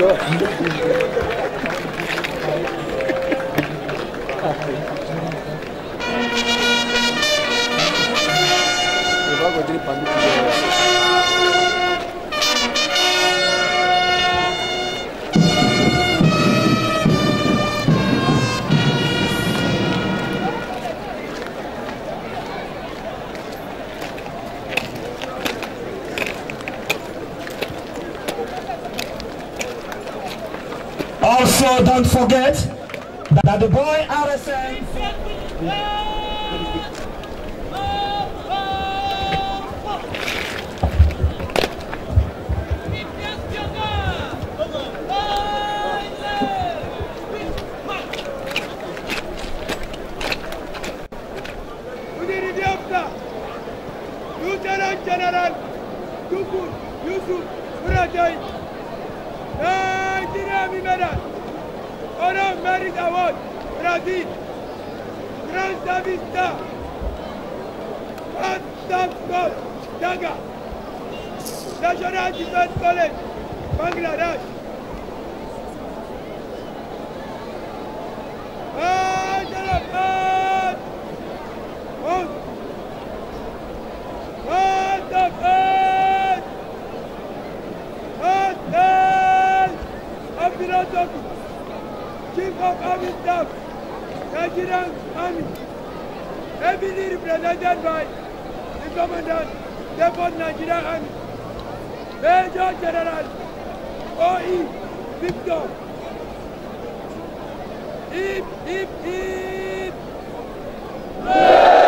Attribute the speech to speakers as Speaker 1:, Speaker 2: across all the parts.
Speaker 1: 거.
Speaker 2: Also, don't forget that the boy RSM...
Speaker 1: Yusuf para Marinavon, Brasil, Grande Vista, Pantapkot, Daga, National Defense College, Bangladesh. Abdurrahman Kimpak Amintap, Kajiran Amit. Heavily represented by the Commandant, Depot Nigerian Army, Major General O.E. Victor. İp İp İp. Yeah.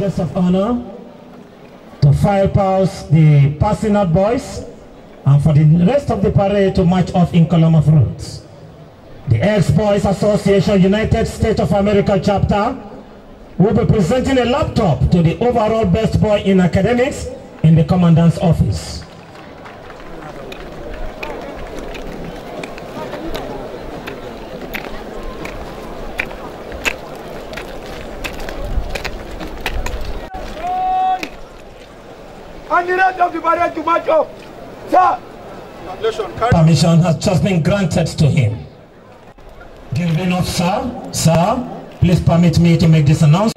Speaker 2: guests of honor, to firehouse the passing out boys, and for the rest of the parade to march off in column of roads. The Ex-Boys Association United States of America chapter will be presenting a laptop to the overall best boy in academics in the commandant's office. and the rest of the barrier to match up. Sir. Permission has just been granted to him. Giving up, sir. Sir, please permit me to make this announcement.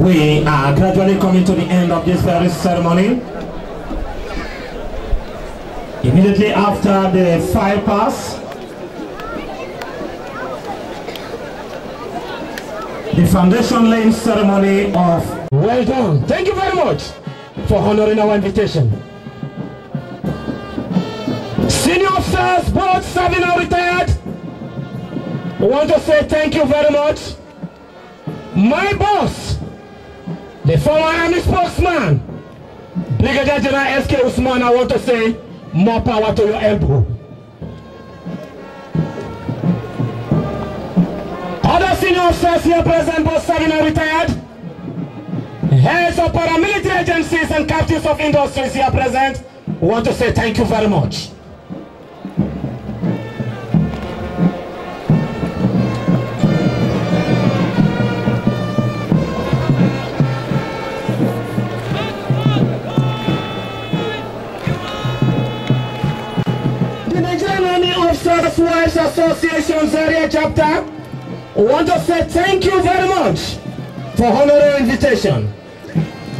Speaker 2: We are gradually coming to the end of this service ceremony. Immediately after the fire pass, the foundation laying ceremony of... Well done. Thank you very much for honoring our invitation. Senior officers, both serving and retired, I want to say thank you very much. My boss, The former Army spokesman, Brigadier General S.K. Usman, I want to say, more power to your elbow. Other senior officers here present, both serving and retired. Heads of paramilitary agencies and captains of industries here present, want to say thank you very much. Housewives Association Zaria chapter, we want to say thank you very much for honoring invitation.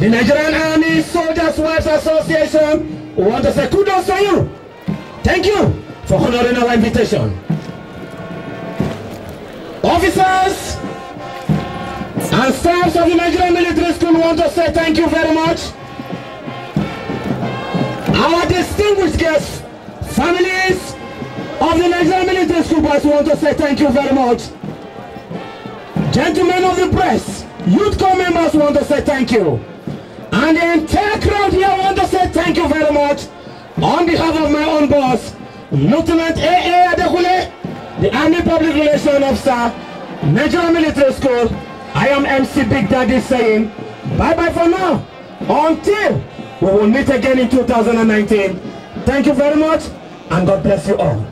Speaker 2: The Nigerian Army Soldiers Wives Association, we want to say kudos to you. Thank you for honoring our invitation. Officers and staffs of the Nigerian Military School want to say thank you very much. Our distinguished guests, families, of the Nigerian military School, troopers want to say thank you very much. Gentlemen of the press, youth corps members want to say thank you. And the entire crowd here want to say thank you very much on behalf of my own boss, Lieutenant A.A. Adekule, the Army Public Relations Officer, Nigerian Military School. I am MC Big Daddy saying bye-bye for now until we will meet again in 2019. Thank you very much and God bless you all.